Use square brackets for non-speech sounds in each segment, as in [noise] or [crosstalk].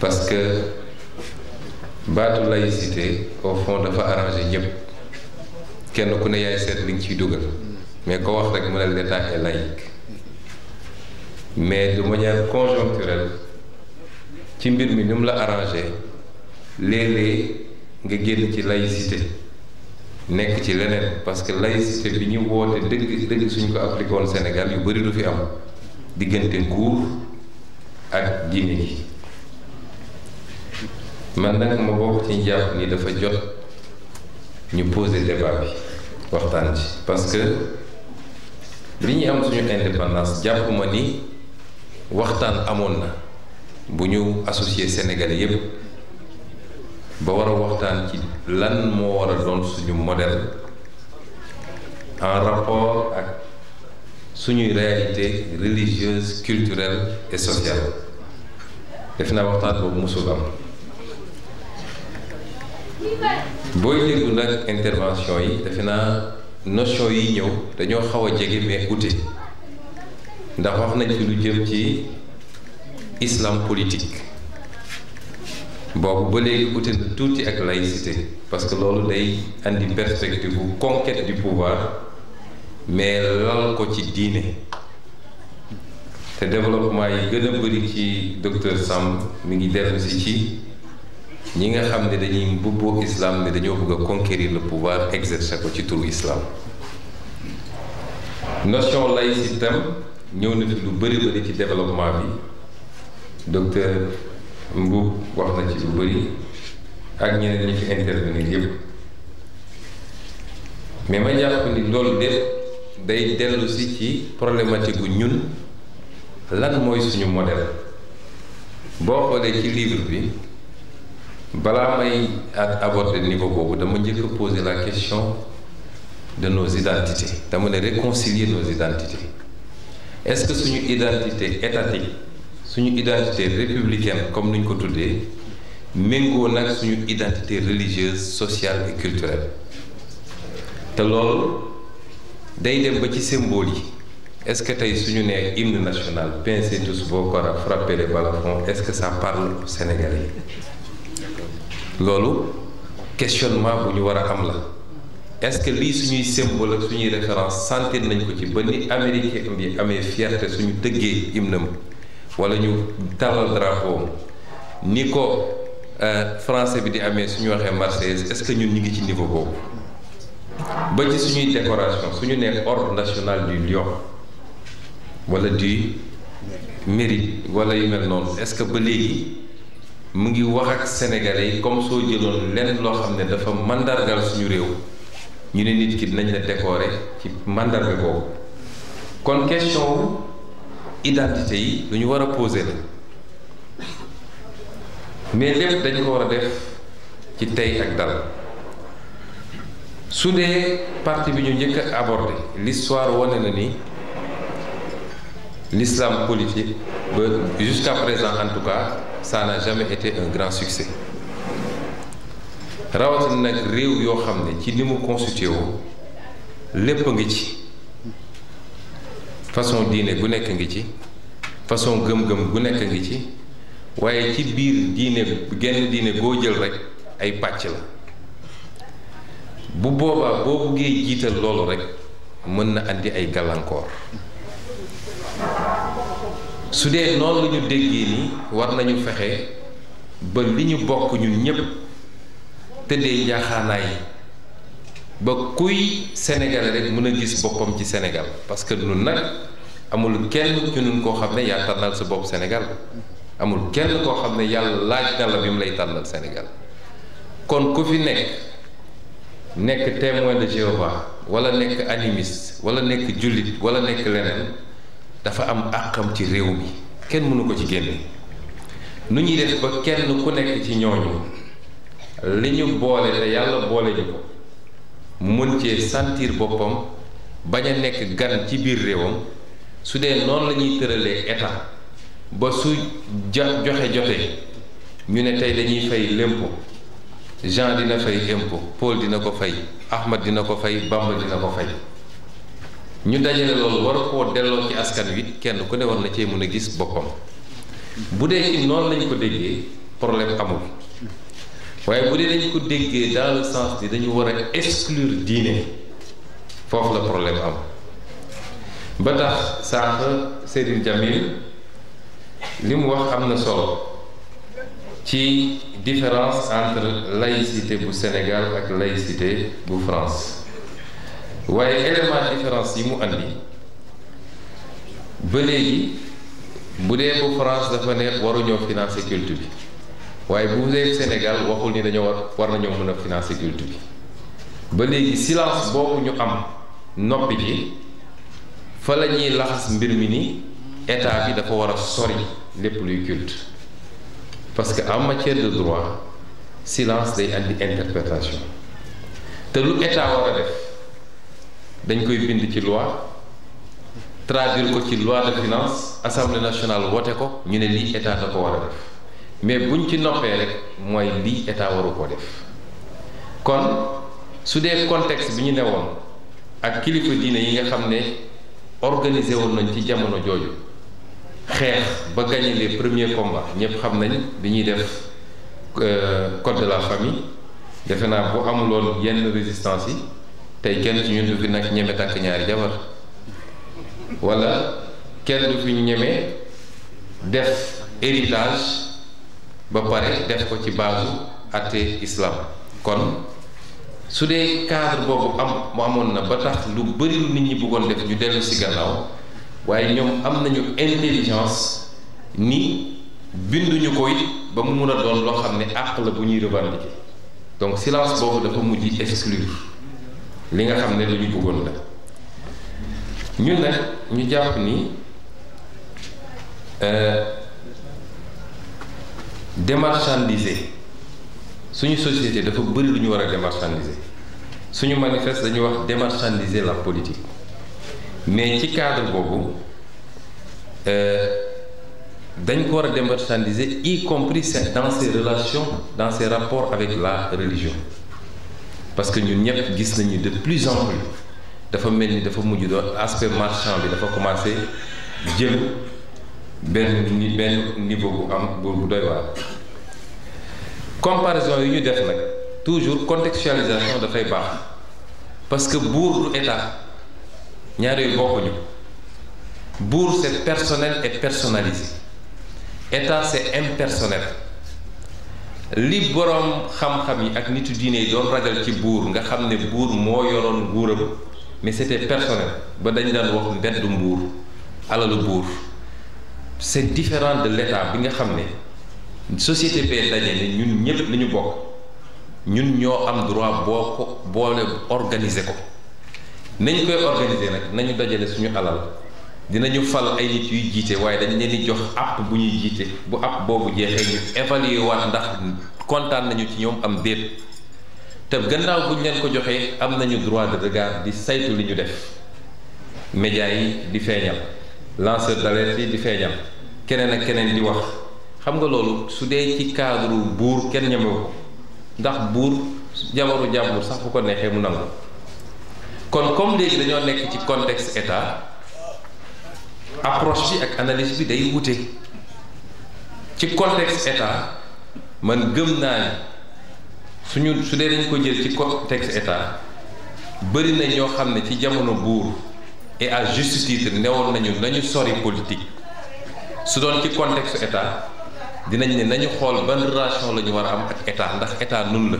parce que baatu laïcité au fond dafa arrangé ñëpp kenn ku ne yaay seet li nga ciy dugal mais ko wax rek mu ne l'état est laïque mais de manière conjoncturelle ci mbir mi ni la arrangé léeg-léeg nga génn ci laïcité nekk ci leneen parce que laïcité bi ñu woote dëgg dëgg suñ ko appliqué Sénégal yu bari du fi am diggante nguur ak diine gi man nag ma bokk ci njàpp ni dafa jot ñu poser débat bi waxtaan ji parce que li ñu am suñu indépendance jàpp ma ni waxtaan amoon na bu ñu associé Sénégalais yépp ba wara a waxtaan ci lan moo war a doon suñu moderne en rapport ak suñuy réalité religieuse culturelle et sociale def naa waxtaan boobu mosul am booy déglu nag intervention yi defe naa notion yi ñëw dañoo xaw a jege mais ute ndax wax na fi lu jëm ci islam politique boobu ba léegi ute na tuuti ak laïcité parce que loolu day andi perspective bu conquête du pouvoir mais lal ko ci diine te développement yi gën a bëri ci docteur Samb mi ngi dellu si ci ñi nga xam ne dañuy mbubboo islam ne dañoo bëgg a conquérir le pouvoir exercer ko ci turu islam notion laïcité tam ñëw na fi lu bëri bëri ci développement bi docteur Mboub wax na ci lu bëri ak ñeneen ñi fi intervenir yëpp mais ma jàpp ni loolu de day dellu si ci problématique bu ñun lan mooy suñu modèle boo xoolee ci livre bi. balaa may aborder niveau boobu dama njëkk a la question de nos identités dama ne réconcilier nos identités est-ce que suñu identité étatique suñu identité républicain comme nuñ ko tuddee méngoo nag suñu identité religieuse sociale et culturelle te loolu day dem ba ci symbole yi est-ce que tey suñu nee hymne national pincez tous vos corps frappez les balafons est-ce que ça parle sénégalais loolu questionnement bu ñu war a am la est-ce que lii suñuy symbole ak suñuy référence sentir nañ ko ci ba ni américain bi amee fierté suñu tëggee hymne wala ñu tàllal drapeau ni ko euh, français bi di amee suñu waxee marseillaise est-ce que ñun ñu ngi ci niveau boobu ba ci suñuy décoration suñu nee ordre national du lion wala du mérite walla yu mel noonu est-ce que ba léegi mu ngi wax ak sénégalais yi comme soo jëloon lenn loo xam ne dafa mandargal suñu réew ñu ne nit ki dinañ la décorer ci mandarga boobu kon question identité yi lu ñu war a poser la mais lépp dañ ko war a def ci tey ak dal sudee dee bi ñu njëkk aborte abordé l'histoire wane na ni l'islam politique ba jusqu'à présent en ça n'a jamais été un grand succès rawatina nag réew yoo xam ne ci ni mu constitué lépp a ngi ci façon diine gu nekk ngi ci façon gëm-gëm gu nekk ngi ci waaye ci biir diine genn diine goo jël rek ay pàcc la bu boobaa boo buggee jiital loolu rek mën na indi ay gàllankoor su dee noonu la ñu déggee ni war nañu fexe ba li ñu bokk ñun ñépp tëddee njaaxaanaay ba kuy sénégalais rek mën a gis boppam ci Sénégal parce que ñun nag amul kenn ci ñun koo xam ne yaa tànnal sa bopp senegal amul kenn koo xam ne yàlla laaj na la bi mu lay tànnal Sénégal kon ku fi nekk nekk témoin de Jéhovah wala nekk animiste wala nekk jullit wala nekk leneen dafa am àqam ci réew mi kenn mënu ko ci génn nu ñuy def ba kenn ku nekk ci ñooñu li ñu boole te yàlla boole ñu ko mën cee sentir boppam bañ a nekk gan ci biir réewam su dee noonu la ñuy tëralee état ba su ja joxe jotee ñu ne tey dañuy fay lempo Jean dina fay impôt Paul dina ko fay Ahmad dina ko fay Bamba dina ko fay ñu dajale loolu war koo delloo ci askan wi kenn ku ne war na cee mën a gis boppam bu dee ci noonu lañ ko déggee problème amul waaye bu dee dañ ko déggee dans le sens dañu war a exclure diine foofu la problème am ba tax sànq Seydil Jamil li mu wax am na solo ci différence entre laïcité bu Sénégal ak laïcité bu France waaye élément différence yi mu andi ba léegi bu dee bu France dafa ne waruñoo financer culte bi waaye bu dee Sénégal waxul ni dañoo war war nañoo mën a financer bi ba léegi silence boobu ñu am noppi ci fa lañuy laxas mbir mi ni état bi dafa war a sori lépp luy culte parce que en matière de droit silence day andi interprétation te lu état war a def. dañ koy bind ci loi traduire ko ci loi de finance assemblée nationale wote ko ñu ne lii état da ko war a def mais buñ ci noppee rek mooy lii état waru koo def kon su dee contexte bi ñu ne woon ak kilifa diine yi nga xam ne organisé woon nañ ci jamono jooju xeex ba gagné les premiers combats ñëpp xam nañ bi ñuy def euh, code de la famille defe naa bu amuloon yenn résistance yi. tey kenn ci ñun du fi nag ñeme takk ñaari jabar wala kenn du fi ñeme def héritage ba pare def ko ci baasu atte islaam kon su dee cadre boobu am mu amoon na ba tax lu bëri nit ñi buggoon def ñu dellu si gannaaw waaye ñoom am nañu intelligence ni binduñu ko ba mu mun a doon loo xam ne àq la bu ñuy revendiquer donc silence boobu dafa mujj exclure li nga xam ne li ñu bëggoon la ñun nag ñu jàpp ni euh, démarchandisé suñu société dafa bëri lu ñu war a démarchandisé suñu manifeste dañuy wax démarchandiser la politique mais ci cadre boobu euh, dañ ko war a démarchandiser y compris dans ses relations dans ses rapport avec la religion parce que ñun ñëpp gis nañu de plus en plus dafa mel ni dafa mujj doon aspect marchand bi dafa commencé jëm benn ni benn niveau bu am bu doy waar. comparaison yi ñu def nag toujours contextualisation dafay baax parce que buur du état ñaar yooyu bokkuñu buur c'est personnel et personnalisé état c'est impersonnel. li boroom xam-xam yi ak nitu diine yi doon ragal ci buur nga xam ne buur moo yoroon nguuram mais c'était personnel ba dañu daan wax mbeddu mbuur alalu buur c'est différent de l'état bi nga xam ne société bee daje ne ñun ñëpp nañu bokk ñun ñoo am droit boo ko boole organiser ko nañ koy organiser nag nañu dajale suñu alal dinañu fal ay nit yuy jiite waaye dañ leen di jox app bu ñuy jiite bu app boobu jeexee ñu évaluer waat ndax kontaan nañu ci ñoom am déet te gannaaw bu ñu leen ko joxee am nañu droit de regard di saytu li ñu def médias yi di feeñal lanceur d'alerte yi di feeñal keneen ak keneen di wax xam nga loolu su dee ci cadre buur kenn ñemewu ko ndax buur jabaru jàmbur sax bu ko neexee mu nangu kon comme léegi dañoo nekk ci contexte état approche bi ak analyse bi day wute ci contexte état man gëm naa ni suñu su dee dañ ko jël ci contexte état bëri na ñoo xam ne ci jamono buur et à juste titre nañu nañu sori politique su doon ci contexte état dinañ ne nañu xool ban relation la ñu war a am ak état ndax état nun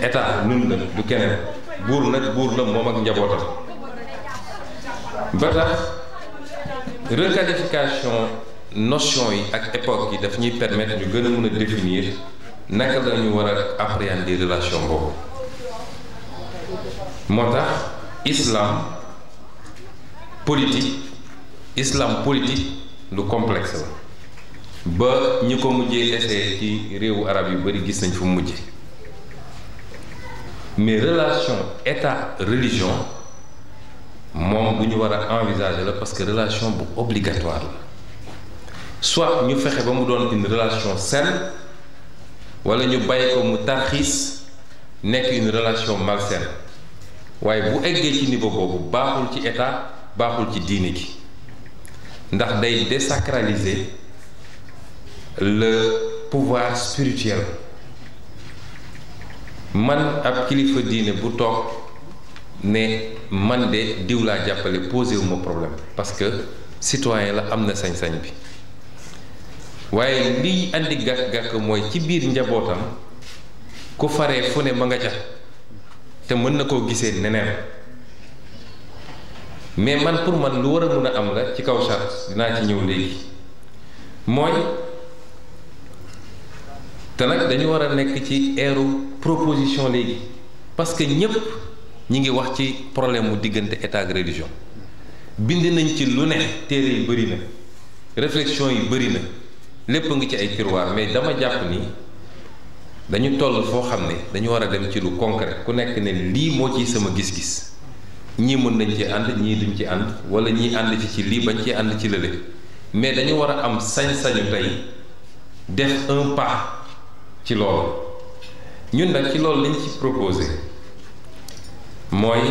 la état nun la du keneen buur nag buur la moom ak njabootam. ba tax requalification notion yi ak époque yi daf ñuy permettre ñu gën a mën a définir naka la ñu war a appréhender relation boobu moo tax islam politique islam lu complexe la ba ñi ko mujjee essayé ci réewu arab yu bari gis nañ fu mujj mais relation état religion moom bu ñu war a envisager la parce que relation bu obligatoire la soit ñu fexe ba mu doon une relation saine walla ñu bàyyi ko mu tarxiis nekk une relation malsaine waaye bu eggee ci niveau boobu baaxul ci état baaxul ci diine gi ndax day désacraliser le pouvoir spirituel man ab kilifa diine bu toog ne. man de diw laa jàppale posé wu problème parce que citoyen la am na sañ-sañ bi waaye liy andi gàkk-gàkk mooy ci biir njabootam ku faree fu ne ma nga ca te mën na koo gisee neneen mais man pour man lu war a mun a am la ci kaw charte dinaa ci ñëw léegi mooy te nag dañu war a nekk ci eeru proposition léegi parce que ñëpp. ñi ngi wax ci problème mu diggante état ak religion bind nañ ci lu ne téere yi bëri na réflexion yi bëri na lépp ngi ci ay tiroir mais dama jàpp ni dañu toll foo xam ne dañu war a dem ci lu concret ku nekk ne lii moo ciy sama gis-gis ñii mën nañ ci ànd ñii duñ ci ànd wala ñii ànd ci ci lii bañ ci ànd ci lële mais dañu war a am sañ-sañu tey def un pas ci loolu ñun nag ci loolu lañ ci proposé mooy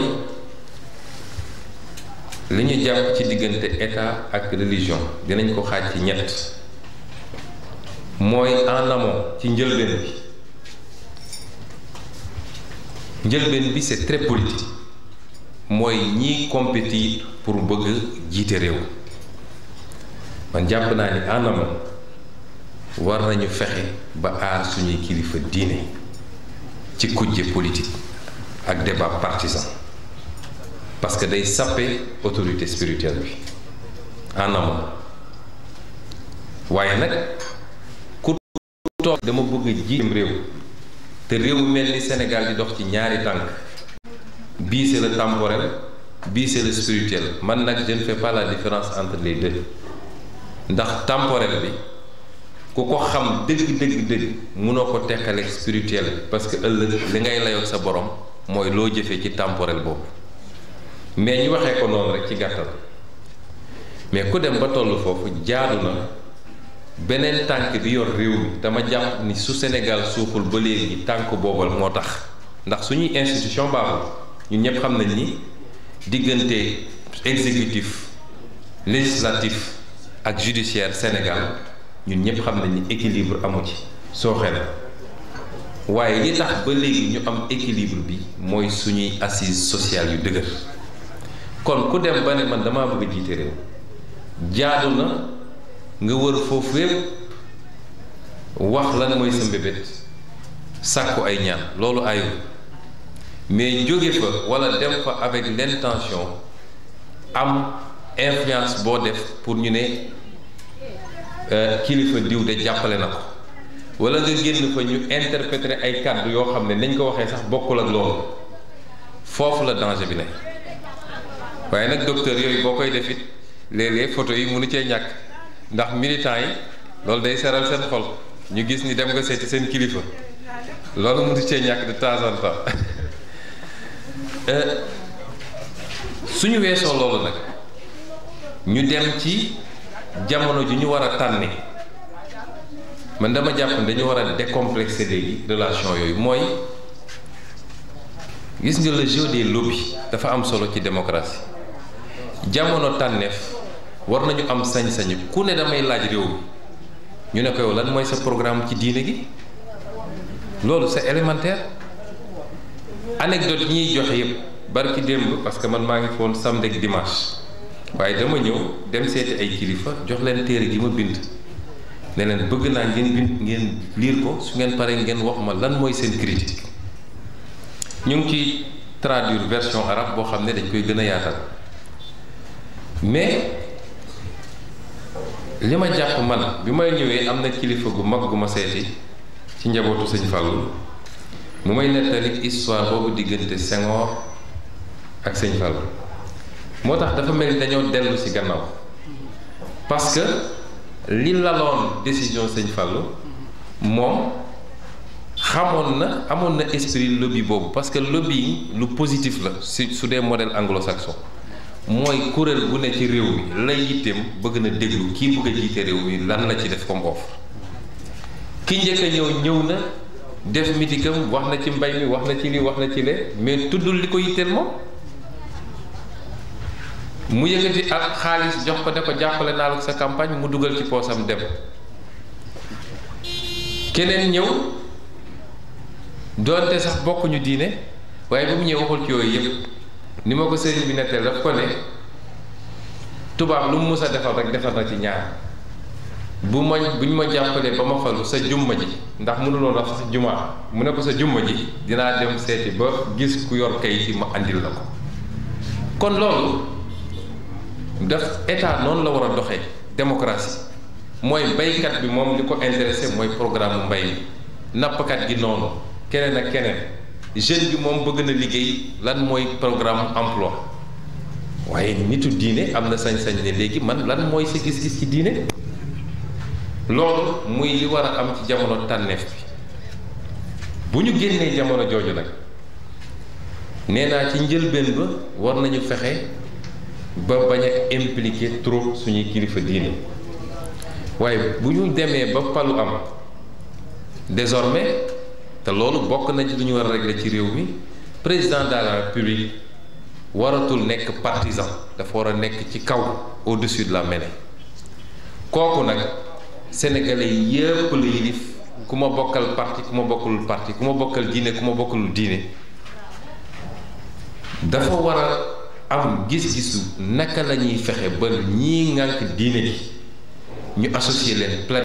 li ñu jàpp ci diggante état ak religion dinañ ko xaaj ci ñett mooy en ci njëlbeen bi njëlbeen bi c'est très politique mooy ñiy compétir pour bëgg jiite réew man jàpp naa ni en amont war nañu fexe ba aar suñuy kilifa diine ci kujje politique ak débat partisan parce que day sappe autorité spirituelle bi en amont waaye nag ku toog dama bëgg a jiim réew te réew mel ni Sénégal di dox ci ñaari tànk bii la le temporel bii c'est le spirituel man nag je ne fais différence entre les deux ndax temporel bi ku ko xam dëgg dëgg dëgg mënoo ko teqaleeg spirituel parce que ëllëg li ngay layoog sa borom mooy loo jëfee ci temporel boobu mais ñu waxee ko noonu rek ci gàttal mais ku dem ba toll foofu jaadu na beneen tànk bi yor réew mi dama jàpp ni su Sénégal suuxul ba léegi tànk boobal moo tax ndax suñuy institution baaxul ñun ñëpp xam nañ ni diggante exécutif législatif ak judiciaire Sénégal ñun ñëpp xam nañ ni équilibre amu ci sooxe na waaye li tax ba léegi ñu am équilibre bi mooy suñuy assise sociales yu dëgër kon ku dem ba ne man damaa bëgg a jiite réew jaadu na nga wër foofu yépp wax lan mooy sa mbébét sàkku ay ñaan loolu ayul mais jóge fa walla dem fa avec l'intention am influence boo def pour ñu ne euh, kilifa diw de jàppale na ko wala nga génn fa ñu interpréter ay kàddu yoo xam ne nañ ko waxee sax bokkul ak loolu foofu la danger bi ne waaye nag docteur yooyu boo koy def léeg-léeg photo yi mënu cee ñàkk ndax militant yi loolu day seral seen xol ñu gis ni dem nga seeti seen kilifa loolu mënu cee ñàkk de temps en temps [laughs] euh, suñu weesoo loolu nag ñu dem ci jamono ji ñu war a tànni man dama jàpp ne dañu war a décomplexer léegi relation yooyu mooy gis nga le jeu des lobbies dafa am solo ci démocratie jamono tànneef war nañu am sañ-sañu ku ne damay laaj réew mi ñu ne ko yow lan mooy sa programme ci diine gi loolu c'est élémentaire anecdote ñiy jox yëpp barki démb parce que man maa ngi foon samedi ak waaye dama ñëw dem seeti ay kilifa jox leen téere gi ma bind ne leen bëgg naa ngeen bind liir ko su ngeen paree ngeen wax ma lan mooy seen critique ñu ngi ci traduire version arab boo xam ne dañ koy gën a yaatal mais li ma jàpp man bi may ñëwee am na kilifa gu mag gu ma seeti ci njabootu sëñ Fallou mu may nettali histoire boobu diggante Senghor ak sëñ Fallou moo tax dafa mel ni dañoo dellu ci gannaaw parce li laloon décision sëñ Fallou moom xamoon na amoon na esprit lobby boobu parce que lobby lu positif la si su dee modèle anglo-saxon mooy kuréel bu ne ci réew mi lay yitteem bëgg na déglu kii bëgg a jiite réew mi lan la ci def comme offre ki njëkk ñëw ñëw na def mitikam wax na ci mbay mi wax na ci lii wax na ci lee mais tuddul li ko yitteel moom mu yëkkati ak xaalis jox ko ne ko jàppale naa la sa campagne mu dugal ci poosam dem keneen ñëw doonte sax bokkuñu diine waaye ba mu ñëw waxul ci yooyu yëpp ni ma ko sëriñ bi netteel daf ko ne tubaab lu mu mus a defal rek defar na ci ñaar bu ma buñ ma jàppalee ba ma falu sa jumma ji ndax mënuloon wax sa jumaa mu ne ko sa jumma ji dinaa dem seeti ba gis ku yor kayit yi ma andil la ko kon loolu daf état noonu la war a doxe démocratie mooy baykat bi moom li ko intéressé mooy programme mbay mi nappkat gi noonu keneen ak keneen jeune bi moom bëgg na liggéey lan mooy programme emploi waaye nitu diine am na sañ-sañ ne léegi man lan mooy si gis-gis ci diine loolu muy li war a am ci jamono tànneef bi bu ñu génnee jamono jooju nag nee naa ci njëlbeen ba war nañu fexe ba bañ a impliqué trop suñuy kilifa diine waaye bu ñu demee ba palu am désormais te loolu bokk na ci war a régler ci réew mi président de république waratul nekk partisan dafa war a nekk ci kaw au-dessus de la mêlée kooku nag sénégalais yépp la yilif ku ma bokkal parti ku ma bokkalul parti ku ma bokkal diine ku ma bokkalul diine dafa war am gis-gisu naka la ñuy fexe ba ñii ŋànk diine gi ñu associé leen